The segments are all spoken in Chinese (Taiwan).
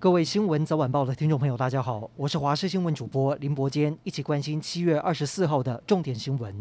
各位新聞早晚報的聽眾朋友，大家好，我是華視新聞主播林伯堅，一起關心七月二十四號的重點新聞。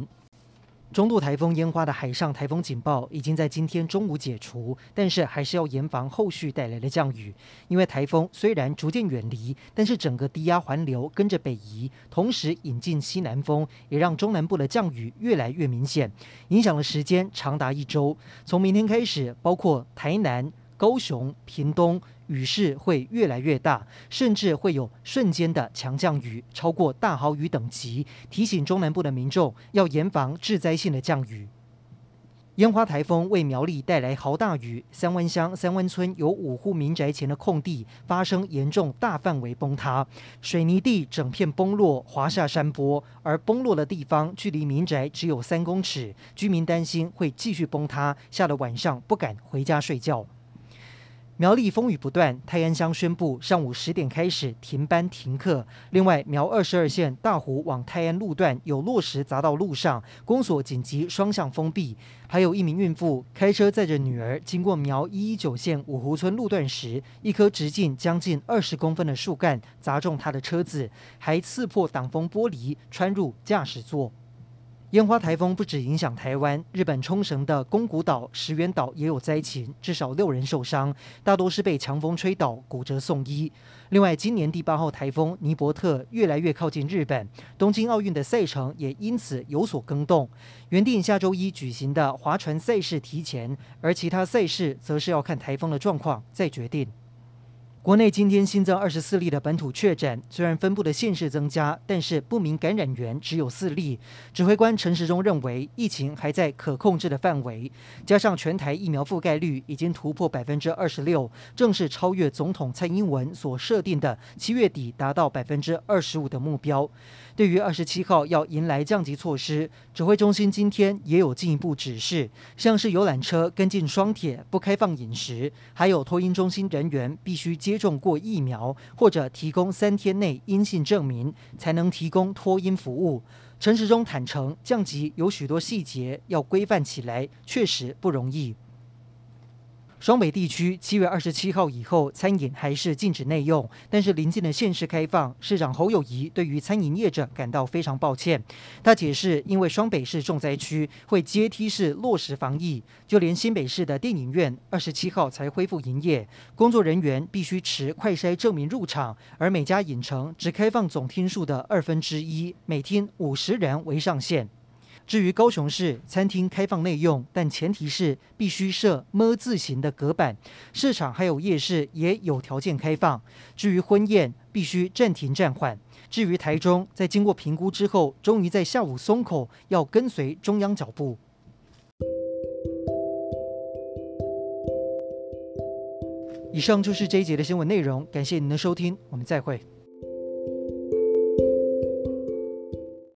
中度台風煙花的海上台風警報已經在今天中午解除，但是還是要嚴防後續帶來的降雨。因為台風雖然逐漸遠離，但是整個低壓環流跟着北移，同時引進西南風，也讓中南部的降雨越來越明顯，影響的時間長達一周。從明天開始，包括台南、高雄、屏東。雨勢會越來越大，甚至會有瞬間的強降雨，超過大豪雨等級，提醒中南部的民眾要嚴防致災性的降雨。煙花台風為苗栗帶來豪大雨，三灣鄉三灣村有五戶民宅前的空地發生嚴重大範圍崩塌，水泥地整片崩落滑下山坡，而崩落的地方距離民宅只有三公尺，居民擔心會繼續崩塌，嚇得晚上不敢回家睡覺。苗栗風雨不斷，泰安鄉宣布上午十點開始停班停課。另外，苗二十二線大湖往泰安路段有落石砸到路上，公所緊急雙向封閉。還有一名孕婦開車載着女兒經過苗一一九線五湖村路段時，一顆直徑將近二十公分的樹幹砸中她的車子，還刺破擋風玻璃，穿入駕駛座。煙花台風不止影響台灣，日本沖繩的宮古島、石垣島也有災情，至少六人受傷，大多是被強風吹倒骨折送醫。另外，今年第八號台風尼伯特越來越靠近日本，東京奧運的賽程也因此有所更動。原定下周一舉行的划船賽事提前，而其他賽事則是要看台風的狀況再決定。國內今天新增二十四例的本土確診，雖然分布的縣市增加，但是不明感染源只有四例。指揮官陳時中認為，疫情還在可控制的範圍，加上全台疫苗覆蓋率已經突破百分之二十六，正式超越總統蔡英文所設定的七月底達到百分之二十五的目標。對於二十七號要迎來降級措施，指揮中心今天也有進一步指示，像是遊覽車跟進雙鐵不開放飲食，還有託嬰中心人員必須接接種過疫苗或者提供三天內陰性證明，才能提供脫陰服務。陳時中坦承，降級有許多細節要規範起來，確實不容易。雙北地區七月二十七號以後，餐飲還是禁止內用。但是臨近的縣市開放，市長侯友宜對於餐飲業者感到非常抱歉。他解釋，因為雙北市重災區，會階梯式落實防疫。就連新北市的電影院，二十七號才恢復營業，工作人員必須持快篩證明入場，而每家影城只開放總廳數的二分之一，2, 每廳五十人為上限。至於高雄市，餐廳開放內用，但前提是必須設 ㄇ 字型的隔板。市場還有夜市也有條件開放。至於婚宴，必須暫停暫緩。至於台中，在經過評估之後，終於在下午鬆口，要跟隨中央腳步。以上就是這一節的新聞內容，感謝您的收聽，我們再會。